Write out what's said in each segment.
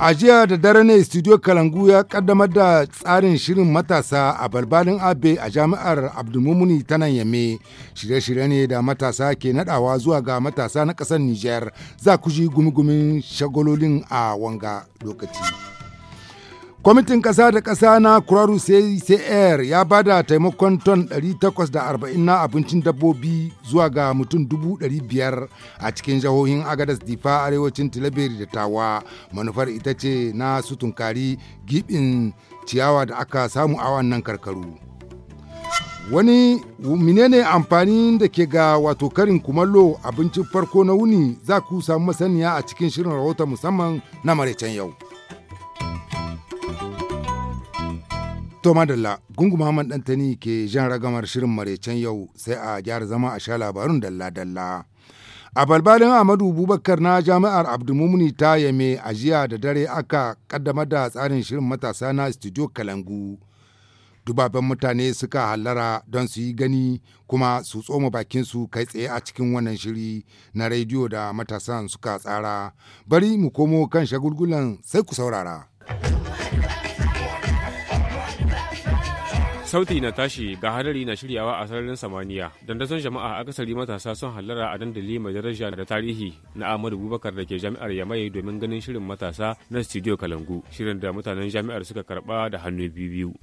A jiya da dare ne Studio Kalangu ya kaddamar da tsarin shirin matasa a balbalin Abe a jami'ar Abdulmumuni ta nan Yame. Shirye-shirye ne da matasa ke nadawa zuwa ga matasa na ƙasar Nijar za ku ji gumi-gumin shagololin a wanga lokaci. Kwamitin ƙasa da ƙasa na Kuraru air ya ba da taimakon ton 840 na abincin dabbobi zuwa ga mutum 500 a cikin jihohin Agadas Difa Arewacin tilabiri da Tawa. Manufar ita ce na su tunkari gibin ciyawa da aka samu a wannan karkaru. Wani menene amfani da ke ga wato karin kumallo abincin farko na wuni za ku samu masaniya a cikin shirin rahoton musamman na maraicen yau. To madalla gunguma man ɗantani ke jan ragamar shirin maraicen yau sai a gyara zama a sha labarun dalla-dalla. A balbalin Ahmadu Bubakar na jami'ar abdulmumuni ta Yame a jiya da dare aka kaddamar da tsarin shirin matasa na Studio Kalangu. Dubaban mutane suka hallara don su yi gani kuma su tsoma bakin su kai tsaye a cikin wannan shiri na rediyo da matasan suka tsara. Bari mu komo kan shagulgulan sai ku saurara. Sauti na tashi ga hadari na shiryawa a sararin samaniya. Dandazon jama'a akasari matasa sun hallara a dandali mai daraja da tarihi na Ahmadu Bubakar da ke jami'ar Yamai domin ganin shirin matasa na Studio Kalangu. Shirin da mutanen jami'ar suka karba da hannu biyu.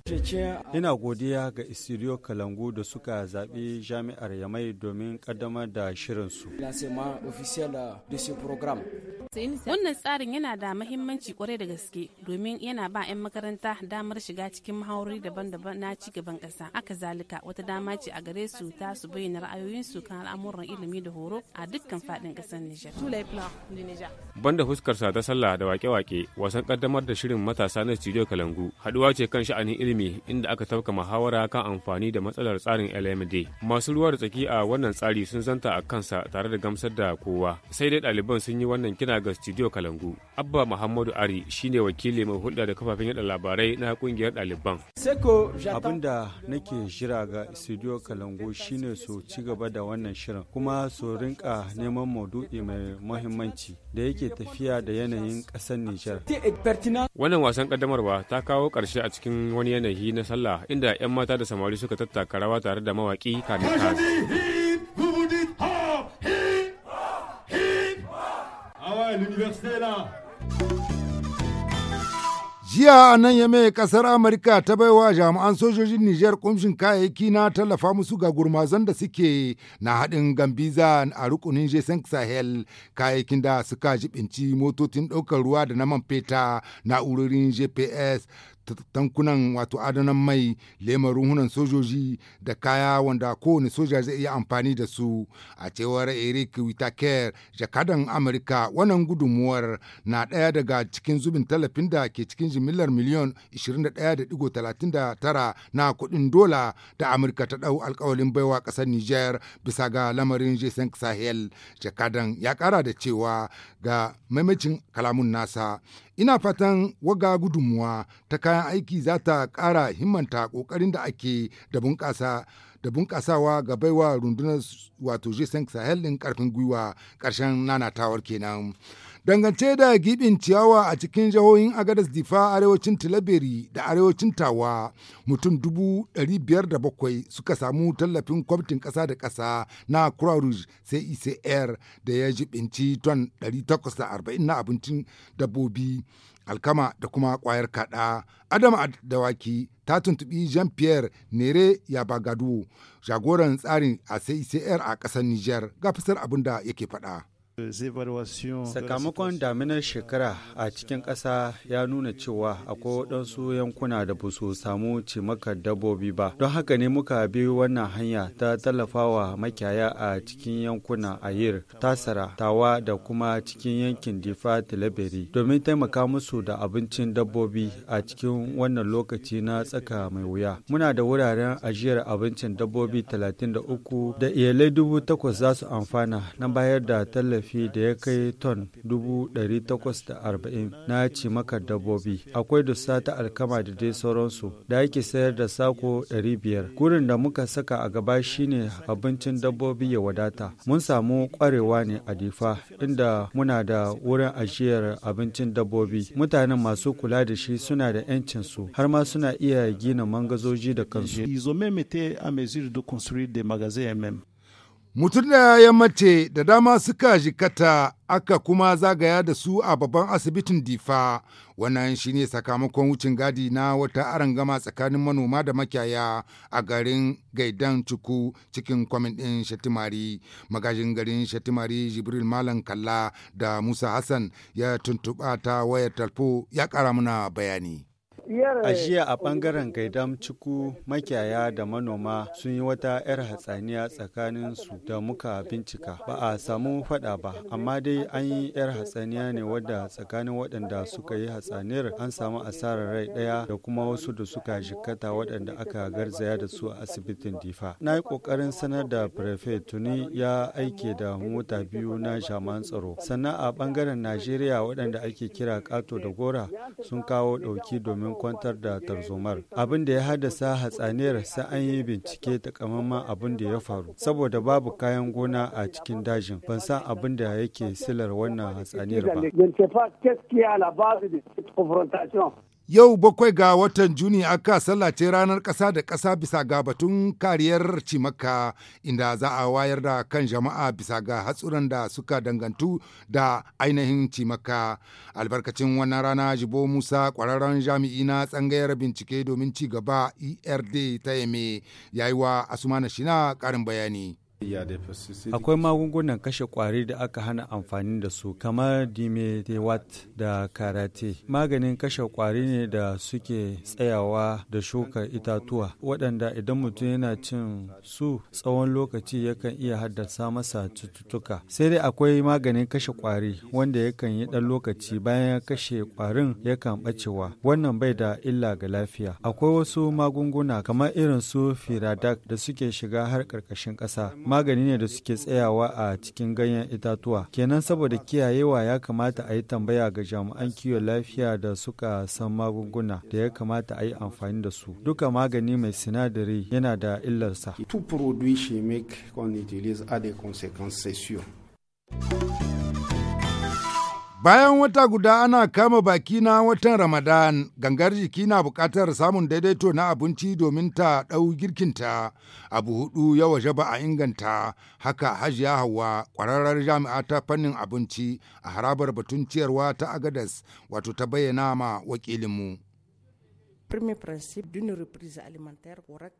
Ina godiya ga Studio Kalangu da suka zaɓi jami'ar Yamai domin ƙaddamar da shirin su. Wannan tsarin yana da mahimmanci kwarai da gaske domin yana ba 'yan makaranta damar shiga cikin mahaurori daban-daban na ciki gaban ƙasa aka zalika wata dama ce a gare su ta su bayyana ra'ayoyinsu kan al'amuran ilimi da horo a dukkan faɗin ƙasar Nijar. Banda fuskar sa ta sallah da wake-wake wasan kaddamar da shirin matasa na studio Kalangu haɗuwa ce kan sha'anin ilimi inda aka tafka muhawara kan amfani da matsalar tsarin LMD. Masu ruwa da tsaki a wannan tsari sun zanta a kansa tare da gamsar da kowa sai dai ɗaliban sun yi wannan kira ga studio Kalangu. Abba Muhammadu Ari shine wakili mai hulɗa da kafafen yada labarai na kungiyar ɗaliban. Abin da nake jira ga studio kalangu shine su ci gaba da wannan shirin kuma su rinka neman maudu'i mai muhimmanci da yake tafiya da yanayin ƙasar nijar wannan wasan kaddamarwa ta kawo ƙarshe a cikin wani yanayi na sallah inda 'yan mata da samari suka tattaka rawa tare da mawaƙi kamin Jiya a nan ya mai kasar Amurka ta baiwa jami'an sojojin Nijar kumshin kayayyaki na tallafa musu ga gurmazan da suke na haɗin Gambiza a rukunin Jason Sahel kayayyakin da suka jibinci motocin ɗaukar ruwa da na man feta na'urorin GPS tankunan wato adanan mai lema ruhunan sojoji da kaya wanda kowane soja zai iya amfani da su a cewar eric whitaker jakadan amurka wannan gudunmuwar na ɗaya daga cikin zubin tallafin da ke cikin jimillar miliyon 21.39 na kuɗin dola da amurka ta ɗau alkawalin baiwa ƙasar niger bisa ga lamarin jason sahel jakadan ya kara da cewa ga maimacin kalamun nasa Ina fatan waga gudunmuwa ta kayan aiki za ta ƙara himmanta ƙoƙarin da ake da bunƙasa da bunƙasawa ga baiwa rundunar wato G5 Sahel ɗin ƙarfin gwiwa ƙarshen nanatawar kenan. Dangance da giɓin ciyawa a cikin jihohin Agadas Difa arewacin Tilaberi da arewacin Tawa mutum dubu ɗari da bakwai suka samu tallafin kwamitin ƙasa da ƙasa na Croix Rouge sai ICR e da ya jibinci ton 840 na abincin dabbobi alkama da kuma kwayar kaɗa. Adam Dawaki ta tuntubi Jean-Pierre Nere Yabagadu jagoran tsarin a CICR e a ƙasar Niger ga fasar abin da yake faɗa. Sakamakon daminar shekara a cikin ƙasa ya nuna cewa akwai waɗansu yankuna da ba su samu cimakar dabbobi ba. Don haka ne muka bi wannan hanya ta tallafawa makiyaya a cikin yankuna Ayir, Tasara, Tawa da kuma cikin yankin Difa Tilaberi domin taimaka musu da abincin dabbobi a cikin wannan lokaci na tsaka mai wuya. Muna da wuraren ajiyar abincin dabbobi 33 da iyalai dubu takwas za su amfana na bayar da tallafi tallafi da ya kai ton 840 na cimakar dabbobi akwai dusa ta alkama da dai sauransu da ake sayar da sako 500 gurin da muka saka a gaba shine abincin dabbobi ya wadata mun samu kwarewa ne a difa inda muna da wurin ajiyar abincin dabbobi mutanen masu kula da shi suna da yancin su har ma suna iya gina mangazoji da kansu de Mutum da ya mace da dama suka jikata aka kuma zagaya da su a babban asibitin Difa. Wannan shi ne sakamakon wucin gadi na wata arangama tsakanin manoma da makiyaya a garin Gaidan Cuku cikin kwamin ɗin Shatimari. Magajin garin Shatimari Jibril Malam Kalla da Musa Hassan ya tuntuɓa ta wayar talfo ya ƙara muna bayani. A jiya a bangaren gaidam ciku makiyaya da manoma sun yi wata 'yar hatsaniya tsakanin su da muka bincika. Ba a samu faɗa ba, amma dai an yi 'yar hatsaniya ne wadda tsakanin waɗanda suka yi hatsaniyar an samu asarar rai ɗaya da kuma wasu da suka jikkata waɗanda aka garzaya da su a asibitin Difa. Na yi ƙoƙarin sanar da prefet tuni ya aike da mota biyu na jaman tsaro. Sannan a bangaren Najeriya waɗanda ake kira "Kato da gora sun kawo ɗauki domin kwantar da tarzomar. Abin da ya haddasa hatsaniyar sai an yi bincike takamaiman abin da ya faru. Saboda babu kayan gona a cikin dajin, ban san abin da yake silar wannan hatsaniyar ba. Yau bakwai ga watan Juni aka sallace ranar ƙasa da ƙasa bisa ga batun kariyar cimaka inda za a wayar da kan jama'a bisa ga hatsuran da suka dangantu da ainihin cimaka. Albarkacin wannan rana Jibo Musa ƙwararren jami'i na tsangayar bincike domin ci gaba ERD ta yame yayi wa Asumana Shina ƙarin bayani. Akwai magungunan kashe kwari da aka hana amfani da su kamar dimetewat da karate. Maganin kashe kwari ne da suke tsayawa da shuka itatuwa waɗanda idan mutum yana cin su tsawon lokaci yakan iya haddasa masa cututtuka. Sai dai akwai maganin kashe kwari wanda yakan yi ɗan lokaci bayan ya kashe kwarin yakan ɓacewa. Wannan bai da illa ga lafiya. Akwai wasu magunguna kamar irin su firadak da suke shiga har ƙarƙashin ƙasa. magani ne da suke tsayawa a cikin ganyen itatuwa kenan saboda kiyayewa ya kamata a yi tambaya ga jami'an kiwon lafiya da suka san magunguna da ya kamata a yi amfani da su duka magani mai sinadari yana da illarsa tout produit chimique qu'on utilise a des conséquences, Bayan wata guda ana kama baki na watan Ramadan, gangar jiki na bukatar samun daidaito na abinci domin ta ɗau girkinta, abu hudu ya waje ba a inganta, haka hajiya hawa ƙwararrar jami'a ta fannin abinci a harabar batun ciyarwa ta Agadas, wato ta bayyana ma wakilinmu.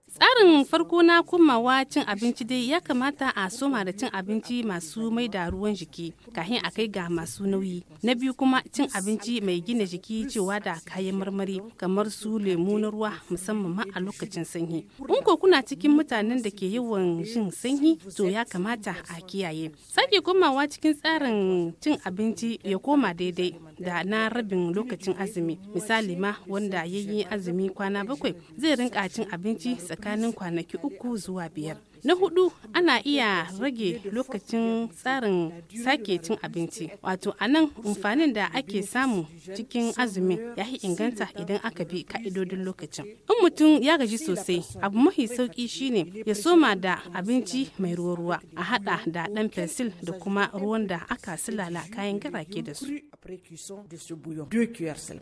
Tsarin farko na komawa cin abinci dai ya kamata a soma da cin abinci masu mai da ruwan jiki kahin a kai ga masu nauyi. Na biyu kuma cin abinci mai gina jiki cewa da kayan marmari kamar su lemu na ruwa musamman ma a lokacin sanyi. In ko kuna cikin mutanen da ke yawan jin sanyi to ya kamata a kiyaye. Sake komawa cikin tsarin cin abinci ya koma daidai da na rabin lokacin azumi. Misali ma wanda ya yi azumi kwana bakwai zai rinka cin abinci tsakanin kwanaki uku zuwa biyar na hudu ana iya rage lokacin tsarin sake cin abinci wato a nan amfanin da ake samu cikin azumin ya yi inganta idan aka bi ka'idodin lokacin in mutum ya gaji sosai abu mafi sauki shine ya soma da abinci mai ruwa ruwa a hada da ɗan fensil da kuma ruwan da aka silala kayan garake da su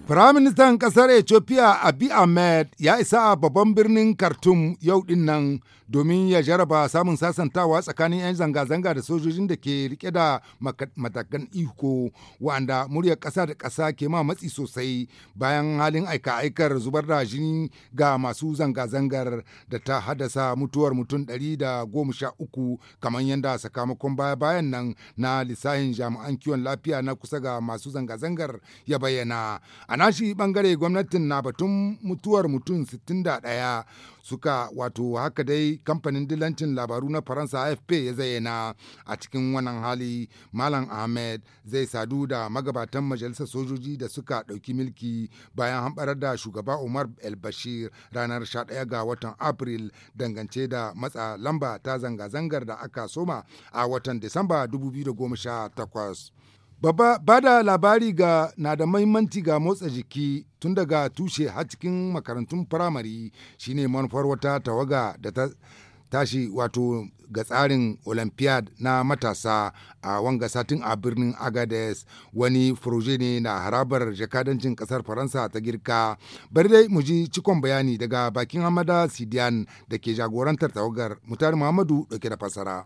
Firaministan ƙasar Ethiopia Abiy Ahmed ya isa a babban birnin Khartoum yau din nan domin ya jaraba a samun sasantawa tsakanin 'yan zanga-zanga da sojojin da ke rike da matakan iko wa'anda muryar ƙasa da ƙasa ke ma matsi sosai bayan halin aika-aikar zubar da jini ga masu zanga-zangar da ta haddasa mutuwar mutum ɗari da 113 kamar yadda sakamakon baya-bayan nan na lissahin jami'an kiwon lafiya na kusa ga masu zanga-zangar ya bayyana a nashi bangare gwamnatin na batun mutuwar mutum 61 suka wato haka dai kamfanin dilancin labaru na faransa afp ya zayyana a cikin wannan hali malam ahmed zai sadu da magabatan majalisar sojoji da suka ɗauki milki bayan hambarar da shugaba umar el bashir ranar 11 ga watan april dangance da matsa lamba ta zanga-zangar da aka soma a watan disamba 2018 Baba ba da labari ga na da mahimmanci ga motsa jiki tun daga tushe har cikin makarantun firamare shine manufar wata tawaga da ta tashi wato ga tsarin olympiad na matasa a wanga satin a birnin agades wani furuje ne na harabar jakadancin kasar faransa ta girka bari dai mu ji cikon bayani daga bakin hamada sidiyan da ke jagorantar tawagar mutari muhammadu dauke da fasara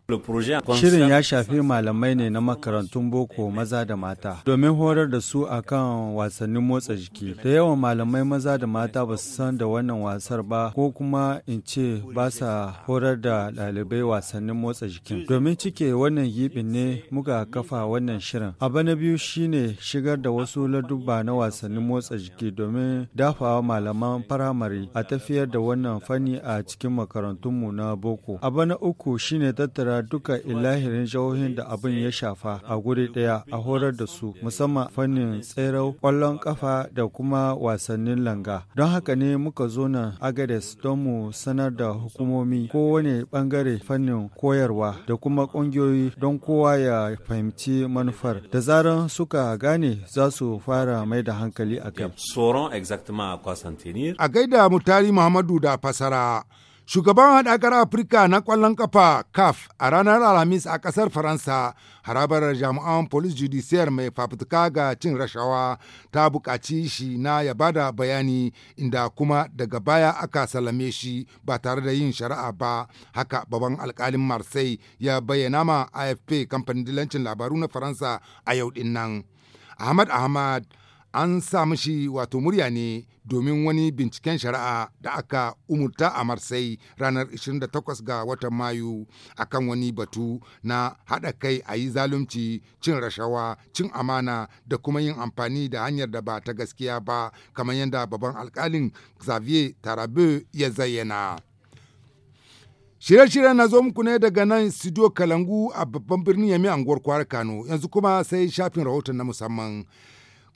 shirin ya shafi malamai ne na makarantun boko maza da mata domin horar da su akan wasannin motsa jiki da yawan malamai maza da mata ba su san da wannan wasar ba ko kuma in ce ba sa horar da ɗalibai wasan wasannin motsa jikin. Domin cike wannan yibin ne muka kafa wannan shirin. Abu na biyu shine shigar da wasu ladubba na wasannin motsa jiki domin dafawa malaman firamare a tafiyar da wannan fanni a cikin makarantunmu na boko. Abu na uku shine tattara duka ilahirin jihohin da abin ya shafa a guri daya a horar da su musamman fannin tserau kwallon kafa da kuma wasannin langa. Don haka ne muka zo nan Agades don mu sanar da hukumomi kowane bangare fannin koyarwa da kuma ƙungiyoyi don kowa ya fahimci manufar. Da zaran suka gane za su fara mai da hankali a kai. A gaida Mutari Muhammadu da fasara. Shugaban hadakar Afirka na ƙwallon kafa CAF a ranar Alhamis a ƙasar Faransa, harabar jami'an polis Judiciaire mai fafutuka ga cin rashawa ta bukaci shi na ya bada bayani inda kuma daga baya aka salame shi ba tare da yin shari'a ba. Haka baban alkalin Marseille ya bayyana ma AFP kamfanin dilancin labaru na Faransa a yau ɗin nan. Ahmad Ahmad an sa shi wato murya ne domin wani binciken shari'a da aka umurta a marsai ranar 28 ga watan mayu akan wani batu na haɗa kai a yi zalunci cin rashawa cin amana da kuma yin amfani da hanyar da ba ta gaskiya ba kamar yadda babban alkalin xavier tarabe ya zayyana Shirye-shiryen na zo muku ne daga nan studio Kalangu a babban birnin Yami anguwar Kwara Kano, yanzu kuma sai shafin rahoton na musamman.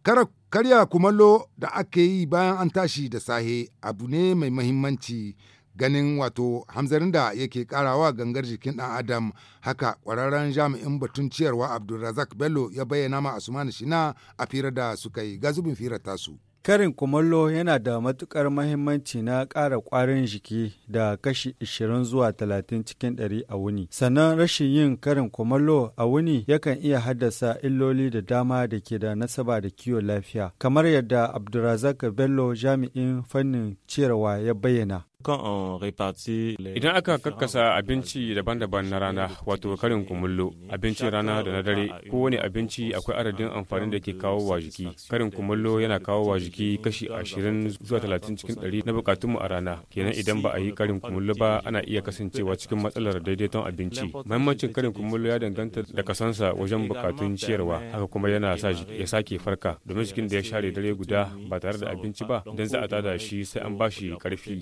Kara karya kumallo da ake yi bayan an tashi da sahe abu ne mai mahimmanci ganin wato hamzarin da yake karawa gangar jikin ɗan adam haka ƙwararren jami'in batun ciyarwa abdulrazak bello ya bayyana ma asumani shina a firar da suka yi gazubin firar tasu. Karin kumallo yana da matuƙar mahimmanci na ƙara ƙwarin jiki da kashi 20 zuwa 30 cikin 100 a wuni. Sannan rashin yin karin kumallo a wuni yakan iya haddasa illoli da dama da ke da nasaba da kiwon lafiya, kamar yadda Abdulrazak Bello jami'in fannin ciyarwa ya bayyana. Idan aka kakkasa abinci daban-daban na rana wato karin kumullo, abincin rana da na dare, kowane abinci akwai adadin amfanin da ke kawo wa jiki. Karin kumullo yana kawo wa jiki kashi ashirin zuwa talatin cikin ɗari na bukatunmu a rana. Kenan idan ba a yi karin kumullo ba ana iya kasancewa cikin matsalar daidaiton abinci. mahimmancin karin kumullo ya danganta da kasansa wajen bukatun ciyarwa, haka kuma yana sa ya sake farka domin jikin da ya share dare guda ba tare da abinci ba, don za a tada shi sai an ba shi ƙarfi.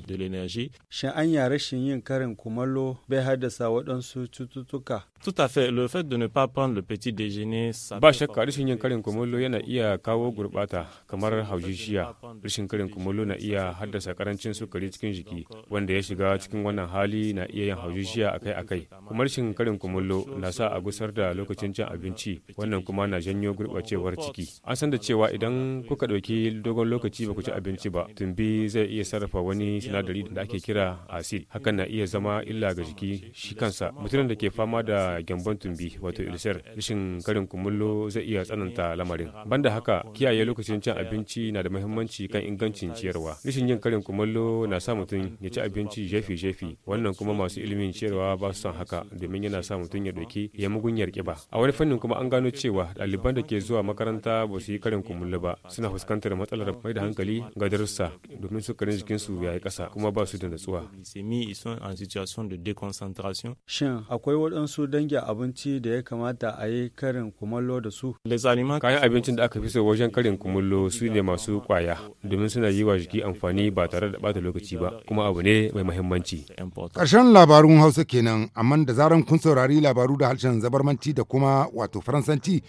gidaje. Shin yi rashin yin karin kumallo bai haddasa waɗansu cututtuka? Tout à fait, le fait de ne pas prendre le petit déjeuner. Ba shakka rashin yin karin kumallo yana iya kawo gurɓata kamar haujishiya. Rashin karin kumallo na iya haddasa karancin sukari cikin jiki wanda ya shiga cikin wannan hali na iya yin haujishiya akai-akai. Kuma rashin karin kumallo na sa a gusar da lokacin cin abinci wannan kuma na janyo gurɓacewar ciki. An san da cewa idan kuka ɗauki dogon lokaci ba ku ci abinci ba tumbi zai iya sarrafa wani sinadari da ake kira acid hakan na iya zama illa ga jiki shi kansa mutumin da ke fama da gyambon tumbi wato ulcer rashin karin kumullo zai iya tsananta lamarin banda haka kiyaye lokacin cin abinci na da muhimmanci kan ingancin ciyarwa rashin yin karin kumullo na sa mutum ya ci abinci jefi jefi wannan kuma masu ilimin ciyarwa ba su san haka domin yana sa mutum ya doki ya mugunyar kiba a wani fannin kuma an gano cewa ɗaliban da ke zuwa makaranta ba su yi karin kumullo ba suna fuskantar matsalar mai da hankali ga darussa domin sukarin jikinsu ya yi ƙasa kuma ba su da natsuwa. Shin akwai waɗansu dangi abinci da ya kamata a yi karin kumallo da su? Kayan abincin da aka fi so wajen karin kumallo su ne masu kwaya domin suna yi wa jiki amfani ba tare da ɓata lokaci ba kuma abu ne mai muhimmanci. Ƙarshen labarun Hausa kenan amma da zaran kun saurari labaru da harshen zabarmanci da kuma wato Faransanci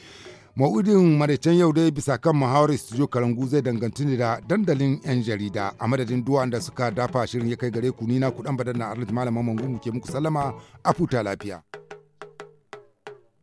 Ma'udin maraicen yau dai bisa kan muhawarar studio Karangu zai danganci ne da dandalin 'yan jarida a madadin duwan da suka dafa shirin ya kai gare ku ni na kudan badan na Arlit Malaman Mangungu ke muku sallama a futa lafiya.